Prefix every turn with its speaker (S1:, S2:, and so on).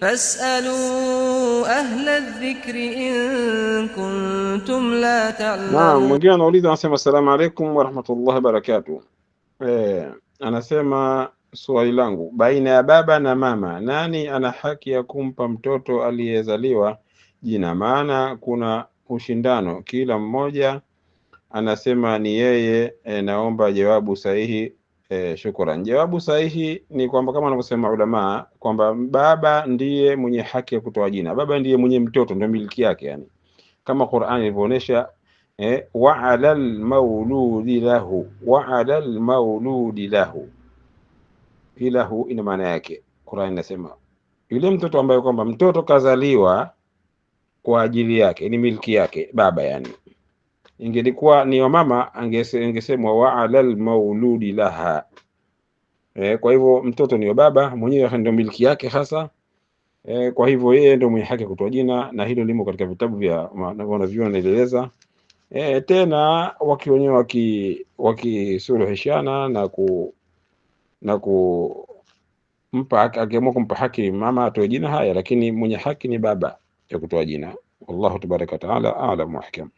S1: Fasalu ahla dhikri in kuntum la ta'lamun.
S2: Naam, mwingine anauliza anasema assalamu alaykum wa rahmatullahi wa barakatuh. Eh, anasema swali langu baina ya baba na mama, nani ana haki ya kumpa mtoto aliyezaliwa jina? Maana kuna ushindano, kila mmoja anasema ni yeye. E, naomba jawabu sahihi E, eh, shukran. Jawabu sahihi ni kwamba kama wanavyosema ulama kwamba baba ndiye mwenye haki ya kutoa jina, baba ndiye mwenye mtoto, ndio miliki yake, yani kama Qur'ani ilivyoonesha eh, wa alal mauludi lahu, wa alal mauludi lahu. Ilahu ina maana yake, quran inasema yule mtoto ambaye kwamba mtoto kazaliwa kwa ajili yake, ni miliki yake baba yani ingelikuwa ni wamama angesemwa wa alal laha. E, kwa hivyo mtoto ni wa baba mwenyewe, ndio miliki yake hasa. E, kwa hivyo yeye ndio mwenye haki kutoa jina, na hilo limo katika vitabu vya wanavyuoni naeleza. E, tena waki wenyewe waki wakisuluhishana na ku na ku mpa akiamua kumpa haki mama atoe jina haya, lakini mwenye haki ni baba ya kutoa jina. Wallahu tabaraka wataala alam wahkam.